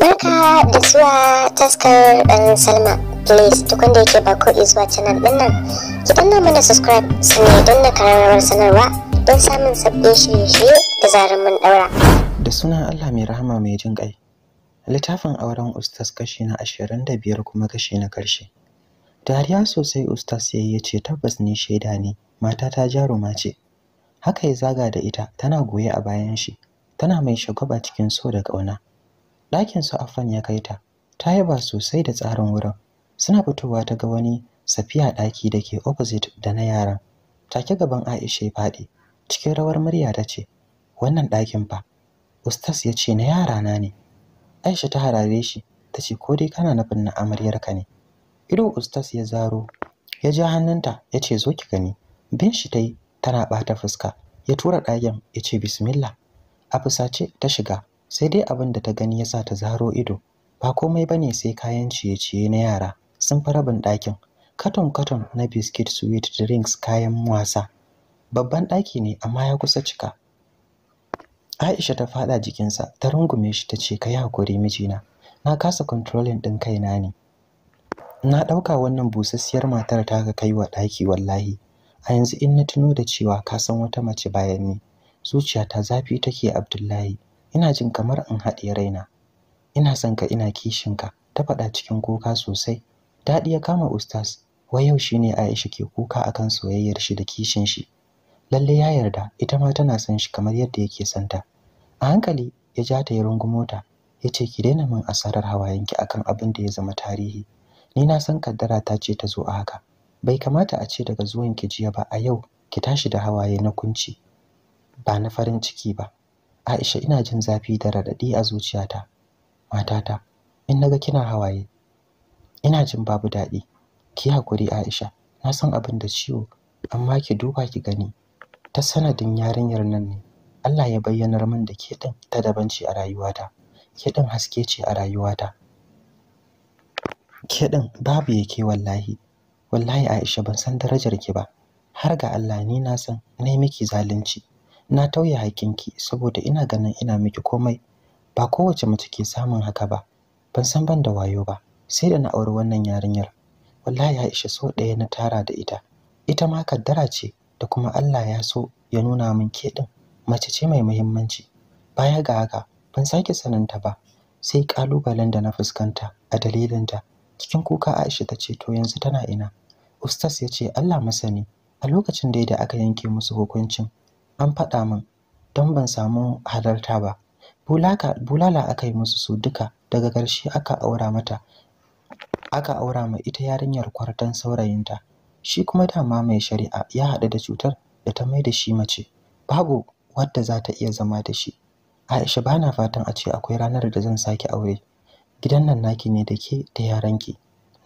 Barka da zuwa taskar ɗan Salma. Please duk wanda yake ba ko zuwa canal ɗin nan, ki danna mana subscribe su ne don na sanarwa don samun sabbin shirye-shirye da zarar mun ɗaura. Da sunan Allah mai rahama mai jin ƙai. Littafin auren ustas kashi na ashirin da biyar kuma kashi na ƙarshe. dariya sosai ustas yayi ya ce tabbas ne shaida ne mata matata jaruma ce haka ya zaga da ita tana goye a bayan shi tana mai shagwaba cikin so da ƙauna ɗakin su afan ya kai ta ta yaba sosai da tsarin wurin suna fitowa ta ga wani safiya ɗaki da ke opposite da na yaran take gaban aisha ya faɗi cikin rawar murya ta ce wannan ɗakin fa ustas ya ce na yarana ne aisha ta harare shi ta ce ko dai kana nufin na amaryarka ne ido ustas ya zaro ya ja hannunta ya ce zo ki gani bin shi ta yi tana ɓata fuska ya tura ɗayan ya ce bismillah a fusace ta shiga sai dai abin da ta gani ya sa ta zaro ido ba komai ba ne sai kayan ciye-ciye na yara sun fi rabin ɗakin katon-katon na biskit sweet drinks kayan wasa babban ɗaki ne amma ya kusa cika aisha ta faɗa jikinsa ta rungume shi ta ce ka yi hakuri mijina na kasa controlling ɗin kaina ne na ɗauka wannan busasshiyar matar ta ka kai wa ɗaki wallahi a yanzu in na tuno da cewa ka san wata mace bayan ni zuciyata zafi take abdullahi ina jin kamar in haɗe raina ina son ka ina ka. ta faɗa cikin kuka sosai daɗi ya kama ustaz wai yau shi ne aisha ke kuka akan soyayyar shi da kishin shi lalle ya yarda ita ma tana son shi kamar yadda yake son ta a hankali ya ja ta ya rungumo ta ya ce ki daina min asarar hawayenki akan abin da ya zama tarihi ni na san kaddara ta ce ta zo a haka bai kamata a ce daga zuwan ki jiya ba a yau ki tashi da hawaye na kunci ba na farin ciki ba Aisha ina jin zafi da raɗaɗi a zuciyata matata in naga kina hawaye ina jin babu daɗi ki hakuri Aisha na san abin da ciwo amma ki duba ki gani ta sanadin yarinyar nan ne Allah ya bayyanar min da ke ɗin ta dabanci a rayuwata ke ɗin haske ce a rayuwata ke din babu yake wallahi wallahi Aisha ban san darajar ki ba har ga Allah ni na san nai miki zalunci na tauye hakinki saboda ina ganin ina miki komai ba kowace mace ke samun haka ba ban san ban da wayo ba sai da na auri wannan yarinyar wallahi Aisha so ɗaya na tara da ita ita ma kaddara ce da kuma Allah ya so ya nuna min ke din mace ce mai muhimmanci baya ga haka ban sake sananta ba sai kalubalen da na fuskanta a dalilinta cikin kuka Aisha ta ce to yanzu tana ina Ustas ya ce Allah masani a lokacin ya da aka yanke musu hukuncin an faɗa min don ban samu halarta ba bulala aka yi musu su duka daga ƙarshe aka aura mata aka aura ma ita yarinyar kwartan saurayinta shi kuma dama mai shari'a ya haɗu da cutar da ta mai da shi mace babu wadda za ta iya zama da shi Aisha bana fatan a ce akwai ranar da zan sake aure gidan nan naki ne da ke da yaranki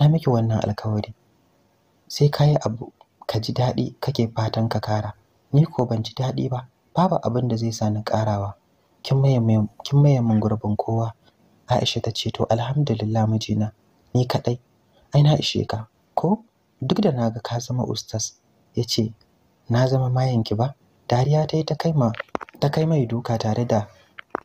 na miki wannan alkawari sai kayi abu ka ji daɗi kake fatan ka kara ni ko ban ji daɗi ba babu abin da zai sa ni karawa kin maye min gurbin kowa Aisha ta ce to alhamdulillah mijina ni kaɗai. ai na ishe ka ko duk da naga ka zama ustas yace na zama mayanki ba dariya ta yi ta kai ta kai mai duka tare da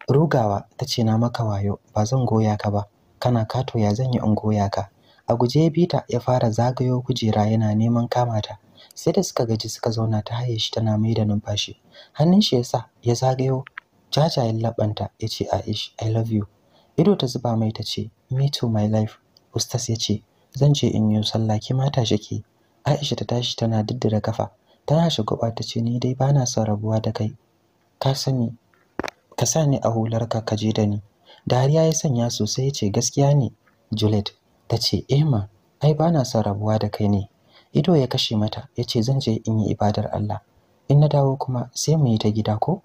rugawa ta ce na maka wayo ba zan goya ka ba kana kato ya zan yi in goya ka a guje ya bita ya fara zagayo kujera yana neman kama ta sai da suka gaji suka zauna ta haye shi tana mai da numfashi hannun shi yasa ya zagayo jajayen labanta ya ce Aish I love you ido ta zuba mai ta ce me too my life ustas ya ce zan je in yi sallah ki mata shike Aisha ta tashi tana diddira kafa tana shagwaba ta ce ni dai bana son rabuwa da kai ka sani ka sa ni a hularka ka je da ni dariya ya sanya sosai ya ce gaskiya ne Juliet ta ce ema, eh ai ba na son rabuwa da kai ne ido ya kashe mata ya ce zan je in yi ibadar Allah in na dawo kuma sai mu yi ta gida ko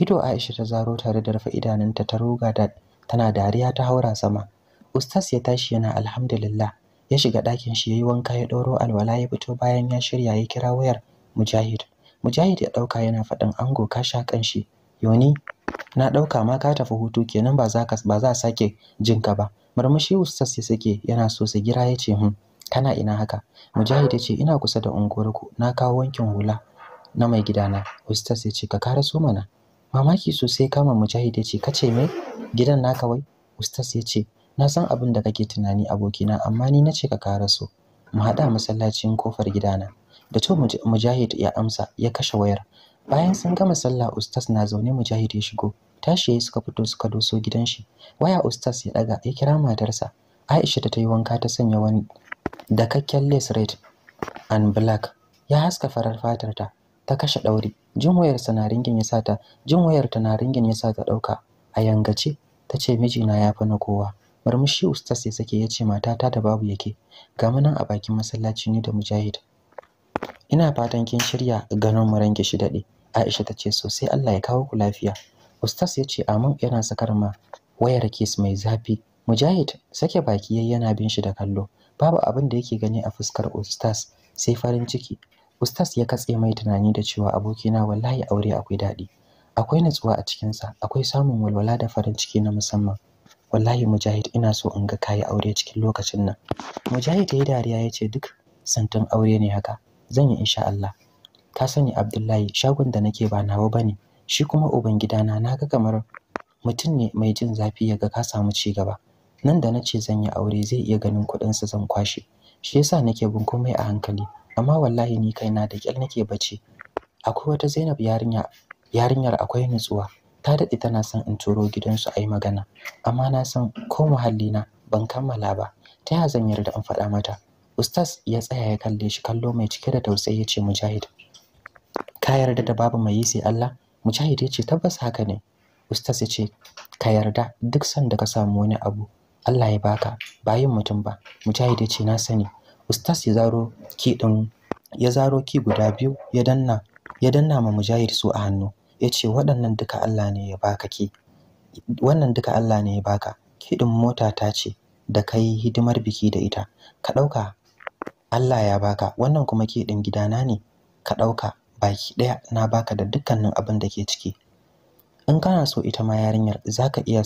ido Aisha ta zaro tare da rufe idanunta ta roga da tana dariya ta haura sama Ustas ya tashi yana alhamdulillah ya shiga ɗakin shi yayi wanka ya ɗauro alwala ya fito bayan ya shirya ya kira wayar Mujahid Mujahid ya ɗauka yana faɗin ango ka sha kanshi Yoni na ɗauka ma ka tafi hutu kenan ba za ba za sake jin ka ba murmushi ustaz ya sake yana so su gira ya ce hun hmm, kana ina haka mujahid ya ce ina kusa da unguwarku na kawo wankin hula na mai gidana ustas ya ce ka kara so mana mamaki sosai kama mujahid ya ce kace me gidan naka wai ustas ya ce na san abin da kake tunani abokina amma ni na ce ka kara so mu haɗa masallacin kofar gidana da to mujahid ya amsa ya kashe wayar bayan sun gama sallah ustas na zaune mujahid ya shigo tashi yayi suka fito suka doso gidan shi waya ustas ya daga ya kira matarsa aisha ta yi wanka ta sanya wani dakakken lace red and black ya haska farar fatar ta ta kashe ɗauri jin wayar na ringin ya sata jin wayar ta na ringin ya sata ɗauka a yangace ta ce mijina ya fi na kowa murmushi ustas ya sake ya ce ta da babu yake ga munan a bakin masallaci ne da mujahid ina fatan kin shirya ganin mu ranke shi daɗe Aisha ta ce sosai Allah ya kawo ku lafiya. Ustaz ya ce amin yana sakar ma wayar kes mai zafi. Mujahid sake baki yayi yana bin shi da kallo. Babu abin da yake gani a fuskar Ustaz sai farin ciki. Ustaz ya katse mai tunani da cewa abokina wallahi aure akwai daɗi. Akwai natsuwa a cikinsa, akwai samun walwala da farin ciki na musamman. Wallahi Mujahid ina so in ga kayi aure cikin lokacin nan. Mujahid ya yi dariya ya ce duk santin aure ne haka. Zan yi insha Allah. ka sani Abdullahi shagon da nake ba nawa bane shi kuma na naga kamar mutum ne mai jin zafi yaga ka samu ci gaba nan da nace zan yi aure zai iya ganin kuɗin sa zan kwashe shi yasa nake bin komai a hankali amma wallahi ni kaina da kyal nake bace akwai wata Zainab yarinya yarinyar akwai nutsuwa ta dade tana son in turo gidansu a yi magana amma na san ko muhalli na ban kammala ba ta yaya zan yarda in faɗa mata ustaz ya tsaya ya kalle shi kallo mai cike da tausayi ya ce mujahid ka yarda da babu mai yi sai Allah mujahid ya ce tabbas haka ne ustaz ya ce ka yarda duk sanda ka samu wani abu Allah ya baka bayin mutum ba mujahid ya ce na sani ustaz ya zaro ki din ya zaro ki guda biyu ya danna ya danna ma mujahid su a hannu ya ce waɗannan duka Allah ne ya baka ki wannan duka Allah ne ya baka kiɗin mota ta ce da kai hidimar biki da ita ka ɗauka Allah ya baka wannan kuma kiɗin gidana ne ka ɗauka baki ɗaya na baka da dukkanin abin da ke ciki in kana so ita ma yarinyar za ka iya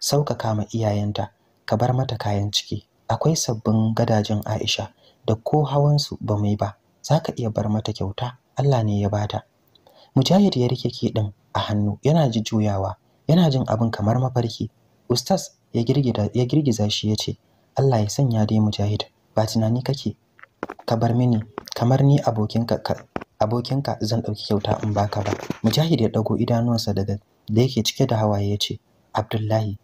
sauƙaƙa ma iyayenta ka bar mata kayan ciki akwai sabbin gadajen Aisha da ko hawansu ba mai ba za ka iya bar mata kyauta Allah ne ya bata Mujahid ya rike ɗin a hannu yana ji juyawa yana jin abin kamar mafarki Ustas ya girgiza shi ya ce Allah ya sanya dai Mujahid ba tunani kake ka bar mini kamar ni abokinka abokinka zan ɗauki kyauta in baka ba mujahid ya ɗago idanuwansa daga da yake cike da hawaye ya ce abdullahi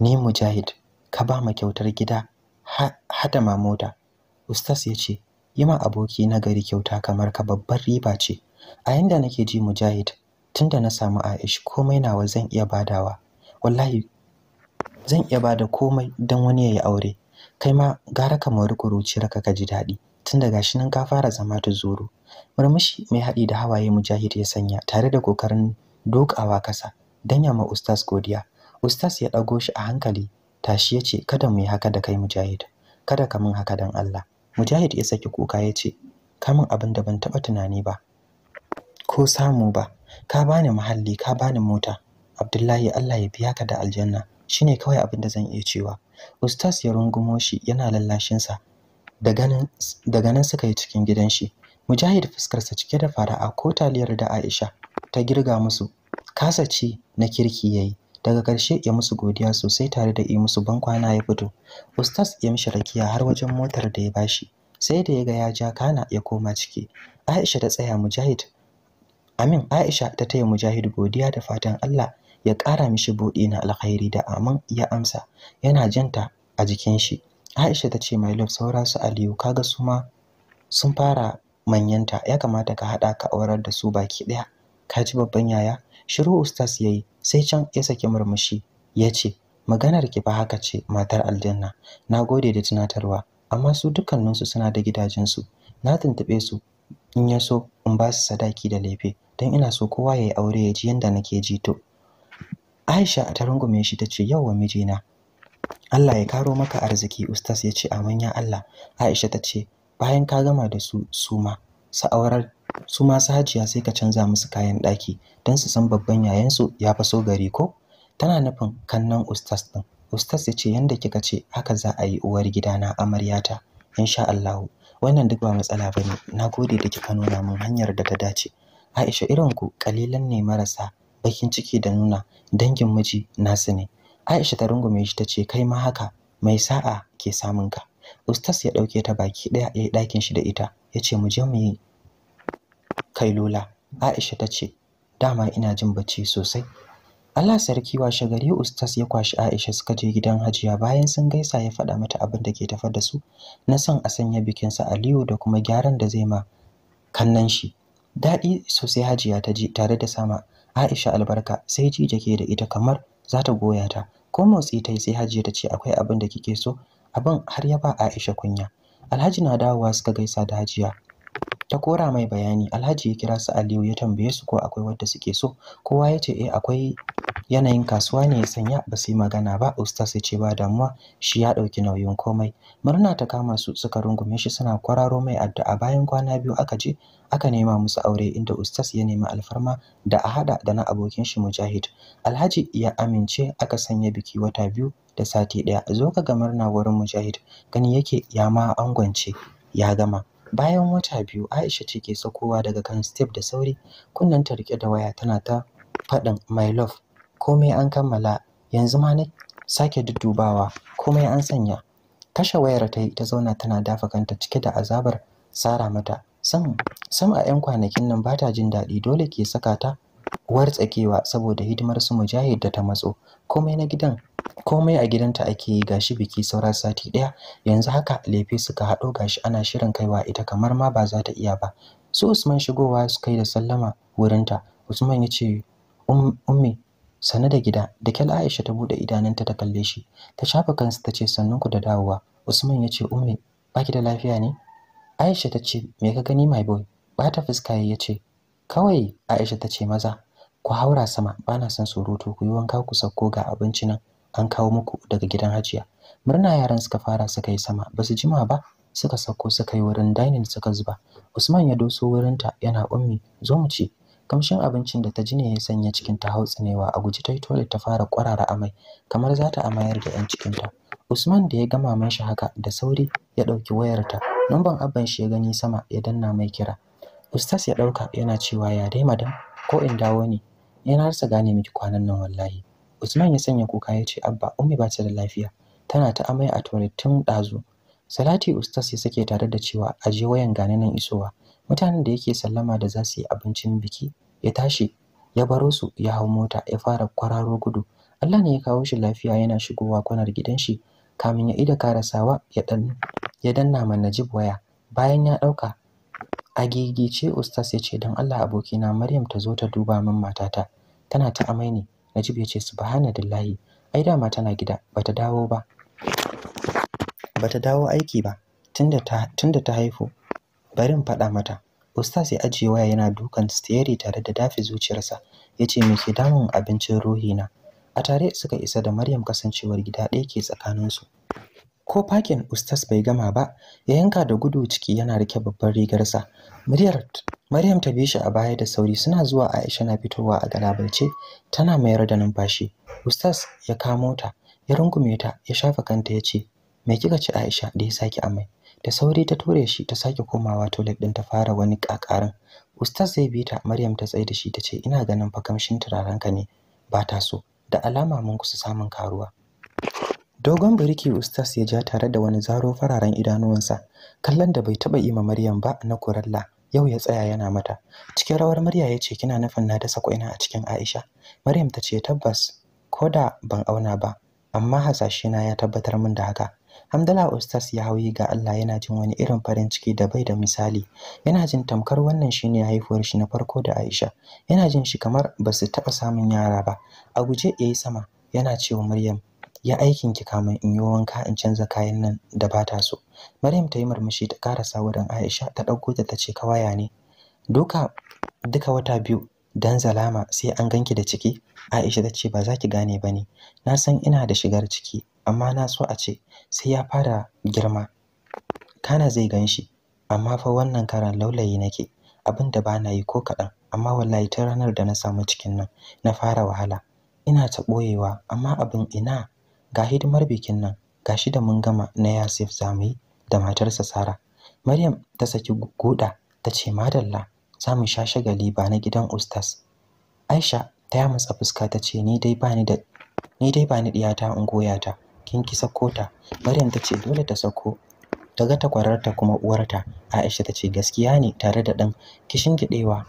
ni mujahid ka ba ma kyautar gida hada ma mota ustas ya ce yi ma aboki na gari kyauta kamar ka babbar riba ce a yanda nake ji mujahid tunda na samu aish komai nawa zan iya badawa wallahi zan iya bada komai don wani ya yi aure kai ma gara ka mori raka ka ji daɗi tunda gashi nan ka fara zama ta zuru murmushi mai haɗi da hawaye mujahid ya sanya tare da kokarin dokawa kasa dan ya ma ustaz godiya Ustas ya ɗago shi a hankali tashi ya ce kada mu yi haka da kai mujahid kada ka min haka don Allah mujahid ya saki kuka ya ce ka min abin da ban taɓa tunani ba ko samu ba ka bani muhalli ka bani mota Abdullahi Allah ya biya ka da aljanna shine kawai abin da zan iya cewa Ustas ya rungumo shi yana lallashinsa da ganin suka yi cikin gidan shi mujahid fuskarsa cike da fara'a ko taliyar da aisha ta girga musu kasa ci na kirki yayi daga ƙarshe ya musu godiya sosai tare da yi musu bankwana ya fito ustaz ya mishi rakiya har wajen motar da ya bashi sai da ya ga ya ja kana ya koma ciki aisha ta tsaya mujahid amin aisha ta taya mujahid godiya da fatan allah ya ƙara mishi buɗi na alkhairi da aman ya amsa yana janta a jikin shi aisha ta ce my love saura su aliyu kaga su ma sun fara manyanta ya kamata ka haɗa ka aurar da su baki ɗaya ka ji babban yaya shiru ustaz ya yi sai can ya saki murmushi ya ce maganar ki ba haka ce matar aljanna na gode da tunatarwa amma su dukkaninsu suna da gidajensu na tuntuɓe su in ya so in ba su sadaki da lefe don ina so kowa ya yi aure ya ji yadda nake ji to aisha a ta rungume shi ta ce wa mijina Allah ya karo maka arziki ustaz ya ce amin ya Allah Aisha ta ce bayan ka gama da su suma su aurar su ma su hajiya sai ka canza musu kayan ɗaki don su san babban yayansu ya fi so gari ko tana nufin kannan ustas ɗin ustas ya ce yanda kika ce haka za a yi uwar gidana amaryata insha Allahu wannan duk ba matsala ba ne na gode da kika nuna min hanyar da ta dace Aisha irin ku kalilan ne marasa bakin ciki da nuna dangin miji nasu ne Aisha ta rungume shi ta ce kai ma haka mai sa'a ke samun ka ustas ya dauke ta baki daya yayi dakin shi da ita yace mu je mu yi lola aisha ta ce dama ina jin bacci sosai Allah sarki washe gari ustas ya kwashi Aisha suka je gidan Hajiya bayan sun gaisa ya faɗa mata abin da ke tafar da su na san a sanya bikin sa Aliyu da kuma gyaran da zai ma kannan shi daɗi sosai Hajiya ta ji tare da sama Aisha albarka sai ji jake da ita kamar za ta goya ta ko motsi ta yi sai Hajiya ta ce akwai abin da kike so abin har ya ba Aisha kunya Alhaji na dawowa suka gaisa da Hajiya ta kora mai bayani Alhaji ya kira su Aliyu ya tambaye su ko akwai wanda suke so kowa ya ce eh akwai yanayin kasuwa ne ya sanya ba su yi magana ba ustaz ya ce ba damuwa shi ya ɗauki nauyin komai murna ta kama su suka rungume shi suna kwararo mai addu'a bayan kwana biyu aka je aka nema musu aure inda ustaz ya nemi alfarma da a haɗa da na abokin shi mujahid alhaji ya amince aka sanya biki wata biyu da sati ɗaya zo ka ga murna wurin mujahid gani yake ya ma angwance ya gama bayan wata biyu aisha ce ke sakowa daga kan step da sauri kunnen ta rike da waya tana ta faɗin my love komai an kammala yanzu ma na sake dudubawa, komai an sanya kashe wayar ta ta zauna tana dafa kanta cike da azabar sara mata sam sam a yan kwanakin nan bata jin daɗi dole ke saka ta wartsakewa saboda hidimar su mujahid da ta matso komai na gidan komai a gidanta ake yi gashi biki saura sati ɗaya yanzu haka lefe suka haɗo gashi ana shirin kaiwa ita kamar ma ba za ta iya ba su usman shigowa su kai da sallama wurinta usman ya ce um, ummi sane da gida da kyal aisha ta buɗe idanunta ta kalle shi ta shafa kansa ta ce ku da dawowa usman ya ce ummi ki da lafiya ne aisha ta ce me ka gani my boy bata fuska ya ce kawai aisha ta ce maza ku haura sama bana son surutu ku yi wanka ku sauko ga abinci nan an kawo muku daga gidan hajiya murna yaran suka fara suka yi sama ba su jima ba suka sauko suka yi wurin dining suka zuba usman ya doso wurinta yana ummi zo mu ci kamshin abincin da ta ji ne ya sanya cikin ta hautsinewa a guji ta toilet ta fara kwarara amai kamar za ta amayar da yan cikin ta usman da ya ga maman shi haka da sauri ya ɗauki wayarta numban abban shi ya gani sama ya danna mai kira ustas ya ɗauka yana cewa ya dai madam ko in dawo ne yana rasa gane miki kwanan nan wallahi Usman ya sanya kuka ya ce abba ummi ba ta da lafiya tana ta amai a tone tun ɗazu. Salati ustas ya sake tare da cewa aje wayan gane nan isowa. Mutanen da yake sallama da za su yi abincin biki ya tashi ya baro su ya hau mota ya fara kwararo gudu. Allah ne ya kawo shi lafiya yana shigowa kwanar gidan shi kamin ya ida karasawa ya dan ya danna man Najib waya bayan ya dauka a gigice ustas ya ce don Allah abokina Maryam ta zo ta duba min matata tana ta amai ne Najib ya ce subhanallahi ai dama tana gida bata dawo ba bata dawo aiki ba tunda ta tunda ta haifu bari in faɗa mata ustaz ya ajiye waya yana dukan steering tare da dafi zuciyarsa yace me ke damun abincin ruhi na a tare suka isa da Maryam kasancewar gida ɗaya ke tsakaninsu ko fakin ustas bai gama ba ya yanka da gudu ciki yana rike babban rigarsa muryar maryam ta bi shi a baya da sauri suna zuwa aisha na fitowa a galabalce tana mayar da numfashi ustas ya kamo ta ya rungume ta ya shafa kanta ya ce mai kika ci aisha da ya saki amai da sauri ta ture shi ta sake komawa toilet din ta fara wani kakarin ustas zai bi ta maryam ta tsaye da shi ta ce ina ganin fakamshin kamshin ka ne ba ta so da alama mun kusa samun karuwa dogon birki ustas ya ja tare da wani zaro fararen idanuwansa kallon da bai taba ima maryam ba na kuralla yau ya tsaya yana mata cikin rawar murya ya ce kina nufin na dasa kwaina a cikin aisha maryam ta ce tabbas ko da ban auna ba amma hasashena ya tabbatar min da haka hamdala ustas ya hauyi ga allah yana jin wani irin farin ciki da bai da misali yana jin tamkar wannan shine haifuwar shi na farko da aisha yana jin shi kamar ba su taɓa samun yara ba a guje ya yi sama yana cewa maryam Ya aikin ki kamin in yi wanka in canza kayan nan da ba ta so maryam ta yi murmushi ta karasa wurin aisha ta ɗauko ta ta ce kawaya ne duka duka wata biyu dan zalama sai an ganki da ciki aisha ta ce ba za ki gane ba ne na san ina da shigar ciki amma na so a ce sai ya fara girma kana zai ganshi. amma fa wannan karan laulayi nake abin da ba na yi ko kaɗan amma wallahi ta ranar da na samu cikin nan na fara wahala ina ta ɓoyewa amma abin ina ga hidimar bikin nan ga shi da mun gama na Yasif zamu da matarsa Sara Maryam ta saki guda ta ce madalla za mu sha shagali ba na gidan ustas Aisha ta yi masa fuska ta ce ni dai bani da ni dai diyata in goya ta kin ki sako ta Maryam ta ce dole ta sako ta ga takwararta kuma uwarta Aisha ta ce gaskiya ne tare da ɗan kishin gidewa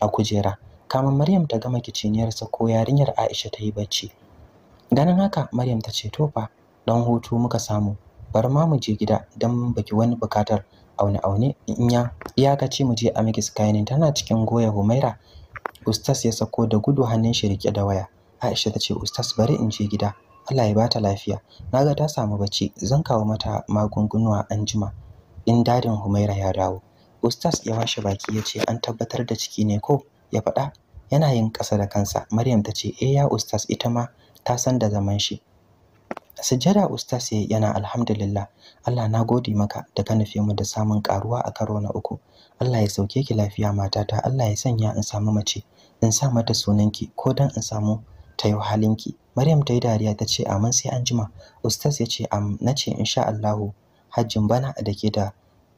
a kujera kamar Maryam ta gama kiciniyar sako yarinyar Aisha ta yi bacci ganin haka maryam ta ce to fa dan hutu muka samu bar ma mu je gida idan baki wani bukatar aune aune in ya ce mu je amiki skyline tana cikin goya humaira ustas ya sako da gudu hannun shi rike da waya aisha ta ce ustas bari in je gida Allah ya bata lafiya naga ta samu bacci zan kawo mata magungunuwa anjima in dadin humaira ya dawo ustas ya washe baki ya ce an tabbatar da ciki ne ko ya faɗa yana yin ƙasa da kansa maryam ta ce eh ya ustaz ita ma ta san da zaman shi sujjada ustaz yayi yana alhamdulillah Allah na gode maka da ka nufe mu da samun karuwa a karo na uku Allah ya sauke ki lafiya matata Allah ya sanya in samu mace in sa mata sunanki ko dan in samu ta yi halinki Maryam ta yi dariya ta ce amin sai an jima ustaz ya ce am na ce insha Allah hajjin bana da ke da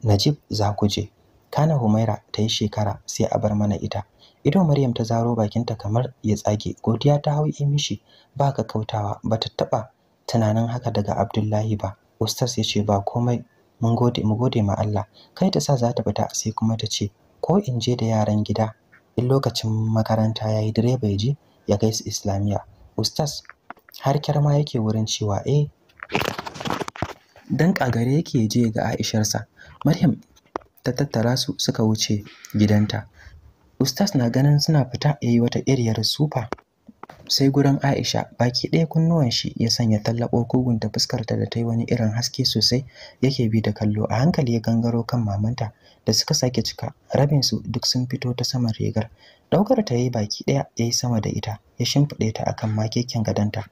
Najib za ku je kana Humaira ta yi shekara sai a bar mana ita ido maryam ta zaro bakinta kamar ya tsage godiya ta hau mishi ba ka kautawa ba ta taba tunanin haka daga abdullahi ba ustas ya ce ba komai mun gode mu gode ma Allah kai ta sa za ta fita sai kuma ta ce ko in je da yaran gida in lokacin makaranta yayi direba ya je ya kai su islamiya ustas har kyarma yake wurin cewa eh dan kagare yake je ga Aisharsa Maryam ta tattara su suka wuce gidanta Ustas na ganin suna fita ya yi wata iriyar sufa. Sai gurin Aisha baki ɗaya kunnuwan shi ya sanya tallaɓo kugun ta fuskarta da ta yi wani irin haske sosai yake bi da kallo a hankali ya gangaro kan mamanta da suka sake cika rabin su duk sun fito ta saman rigar. Ɗaukar ta yayi baki ɗaya ya yi sama da ita ya shimfiɗe ta akan makekin gadonta.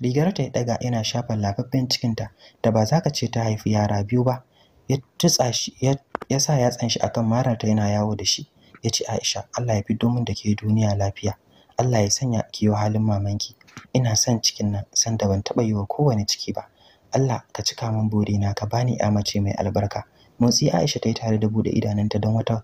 Rigar ta ya ɗaga yana shafa lafaffen ta da ba za ka ce ta haifi yara biyu ba. Ya tutsa shi ya sa yatsan shi akan mararta yana yawo da shi. ya ce Aisha Allah ya fito min da ke duniya lafiya Allah ya sanya ki yi halin mamanki ina son cikin nan san da ban taɓa yi wa kowane ciki ba Allah ka cika min na ka bani ya mace mai albarka motsi Aisha ta yi tare da buɗe idanunta don wata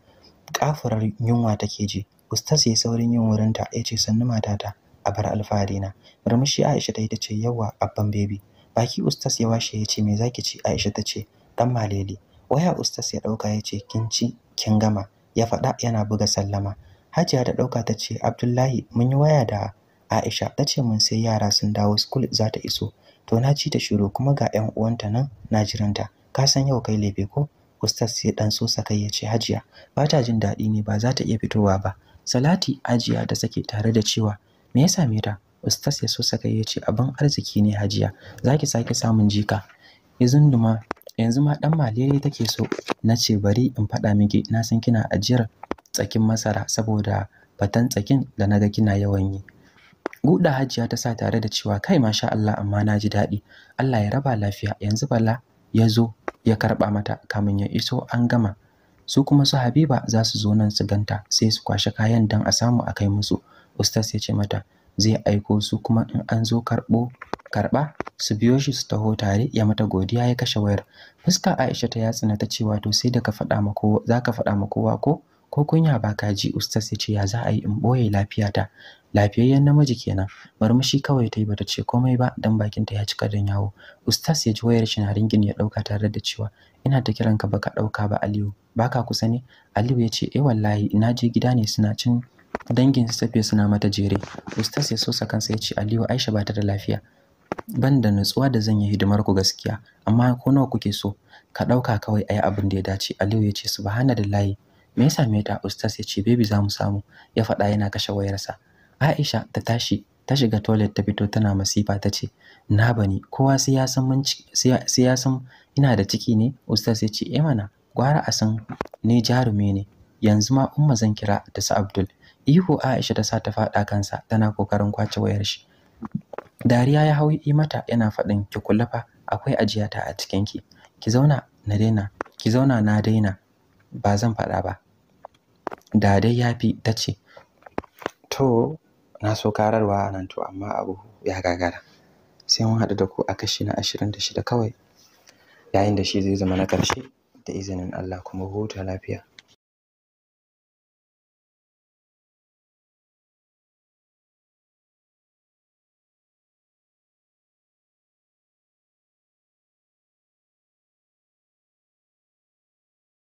kafurar yunwa take ji ustaz ya saurin yin wurinta ya ce sannu matata a bar alfahari na murmushi Aisha ta yi ta ce yawa abban baby baki ustaz ya washe ya ce me zaki ci Aisha ta ce dan malele waya ustas ya ɗauka ya ce kin ci kin gama ya faɗa yana buga sallama hajiya ta ɗauka ta ce abdullahi mun yi waya da aisha ta ce mun sai yara sun dawo school za ta iso to na ci ta shiru kuma ga yan uwanta nan na jiranta ka san yau kai lebe ko ustaz sai dan so kai ya ce hajiya ba ta jin daɗi ne ba za ta iya fitowa ba salati ajiya da sake tare da cewa me ya same ta ustaz ya so kai ya ce abin arziki ne hajiya zaki sake samun jika izunduma yanzu ma ɗan malele take so na ce bari in faɗa miki na san kina ajiyar tsakin masara saboda batan tsakin da naga kina yawan yi guda hajiya ta sa tare da cewa kai masha Allah amma na ji daɗi Allah ya raba lafiya yanzu bala ya zo ya karba mata kamin ya iso an gama su kuma su habiba za su zo nan su ganta sai su kwashe kayan dan a samu a kai musu ustas ya ce mata zai aiko su kuma in an zo karɓo karɓa su biyo shi su taho tare ya mata godiya ya kashe wayar fuska aisha ta yatsina ta ce wato sai da ka faɗa ma kowa za ka faɗa ma kowa ko ko kunya ba ka ji ustas ya ce ya za a yi in ɓoye lafiyata lafiyayyen namiji kenan murmushi kawai ta yi bata ce komai ba dan bakinta ya cika dan yawo ustas ya ji wayar shi na ringin ya ɗauka tare da cewa ina ta kiran ka baka ɗauka ba aliyu baka kusa ne aliyu ya ce eh wallahi na je gida ne suna cin dangin su tafiya suna mata jere ustas ya sosa kansa ya ce aliyu aisha ba ta da lafiya ban da nutsuwa da zan yi hidimar ku gaskiya amma ko nawa kuke so ka ɗauka kawai ayi abin da ya dace Aliyu ya ce subhanallahi me ya same ta ustaz ya ce baby za mu samu ya faɗa yana kashe wayarsa Aisha ta tashi ta shiga toilet ta fito tana masifa ta ce na bani kowa siyasan ina da ciki ne ustaz ya ce eh mana gwara a san ne jarumi ne yanzu ma umma zan kira ta su Abdul ihu Aisha ta sa ta faɗa kansa tana kokarin kwace wayar shi dariya ya hau yi mata yana faɗin ki kullafa?," akwai ajiyata a cikin ki ki zauna na daina ki zauna na daina ba zan faɗa ba da dai yafi tace to na so kararwa nan to amma abu ya gagara sai mun haɗu da ku a kashi na ashirin da 26 kawai yayin da shi zai zama na ƙarshe da izinin Allah kuma huta lafiya